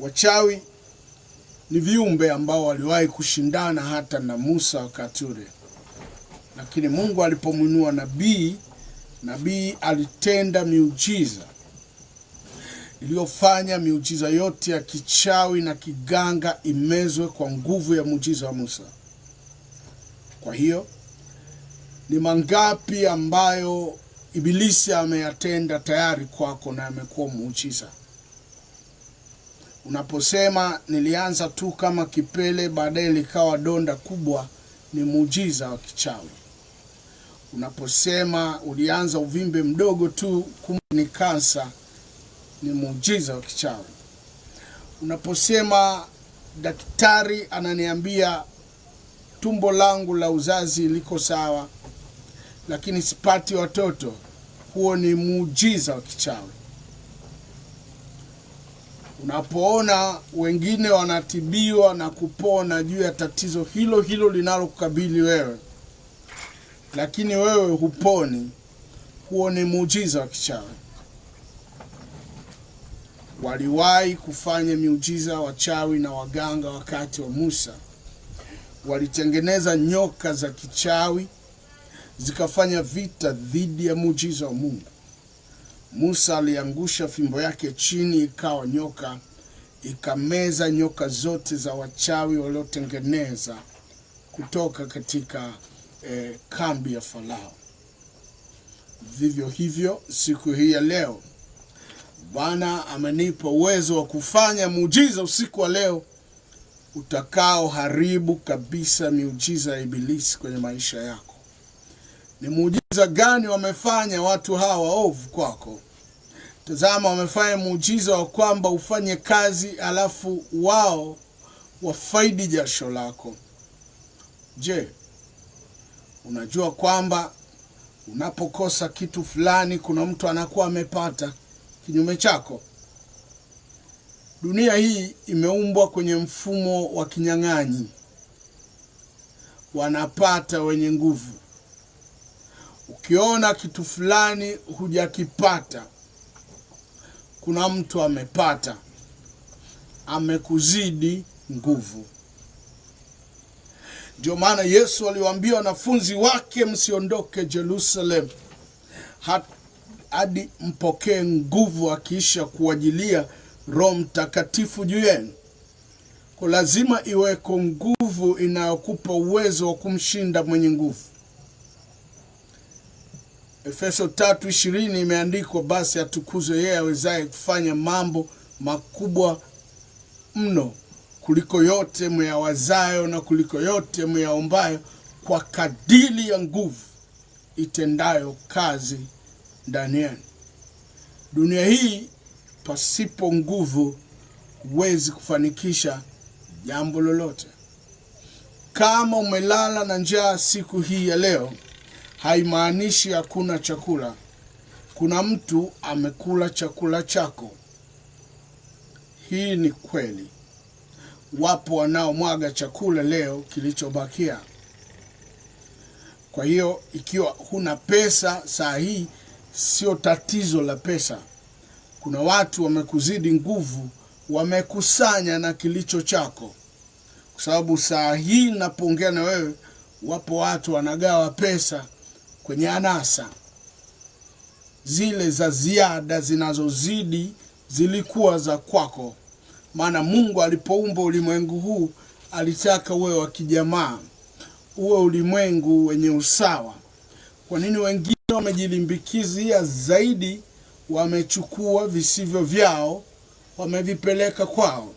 Wachawi ni viumbe ambao waliwahi kushindana hata na Musa wakati ule, lakini Mungu alipomwinua nabii, nabii alitenda miujiza iliyofanya miujiza yote ya kichawi na kiganga imezwe kwa nguvu ya muujiza wa Musa. Kwa hiyo ni mangapi ambayo Ibilisi ameyatenda tayari kwako na amekuwa muujiza? Unaposema nilianza tu kama kipele, baadaye likawa donda kubwa, ni muujiza wa kichawi. Unaposema ulianza uvimbe mdogo tu, kumbe ni kansa, ni muujiza wa kichawi. Unaposema daktari ananiambia tumbo langu la uzazi liko sawa, lakini sipati watoto, huo ni muujiza wa kichawi. Unapoona wengine wanatibiwa na kupona juu ya tatizo hilo hilo linalokukabili wewe, lakini wewe huponi, huo ni muujiza wa kichawi. Waliwahi kufanya miujiza wachawi na waganga wakati wa Musa. Walitengeneza nyoka za kichawi zikafanya vita dhidi ya muujiza wa Mungu. Musa aliangusha fimbo yake chini, ikawa nyoka, ikameza nyoka zote za wachawi waliotengeneza kutoka katika eh, kambi ya Farao. Vivyo hivyo siku hii ya leo Bwana amenipa uwezo wa kufanya muujiza usiku wa leo utakaoharibu kabisa miujiza ya Ibilisi kwenye maisha yako. Ni muujiza muujiza gani wamefanya watu hawa waovu kwako? Tazama, wamefanya muujiza wa kwamba ufanye kazi, alafu wao wafaidi jasho lako. Je, unajua kwamba unapokosa kitu fulani, kuna mtu anakuwa amepata kinyume chako? Dunia hii imeumbwa kwenye mfumo wa kinyang'anyi, wanapata wenye nguvu Ukiona kitu fulani hujakipata, kuna mtu amepata, amekuzidi nguvu. Ndio maana Yesu aliwaambia wanafunzi wake, msiondoke Jerusalem hadi mpokee nguvu, akiisha kuwajilia Roho Mtakatifu juu yenu. Kwa lazima iweko nguvu inayokupa uwezo wa kumshinda mwenye nguvu. Efeso 3:20 imeandikwa, basi atukuzwe yeye awezaye kufanya mambo makubwa mno kuliko yote mwayawazayo na kuliko yote mwayaombayo, kwa kadiri ya nguvu itendayo kazi ndani yenu. Dunia hii pasipo nguvu huwezi kufanikisha jambo lolote. Kama umelala na njaa siku hii ya leo haimaanishi hakuna chakula. Kuna mtu amekula chakula chako. Hii ni kweli. Wapo wanaomwaga chakula leo kilichobakia. Kwa hiyo ikiwa huna pesa saa hii, sio tatizo la pesa. Kuna watu wamekuzidi nguvu, wamekusanya na kilicho chako, kwa sababu saa hii napoongea na wewe, wapo watu wanagawa pesa kwenye anasa zile za ziada zinazozidi zilikuwa za kwako, maana Mungu alipoumba ulimwengu huu alitaka uwe wa kijamaa, uwe ulimwengu wenye usawa. Kwa nini wengine wamejilimbikizia zaidi, wamechukua visivyo vyao, wamevipeleka kwao?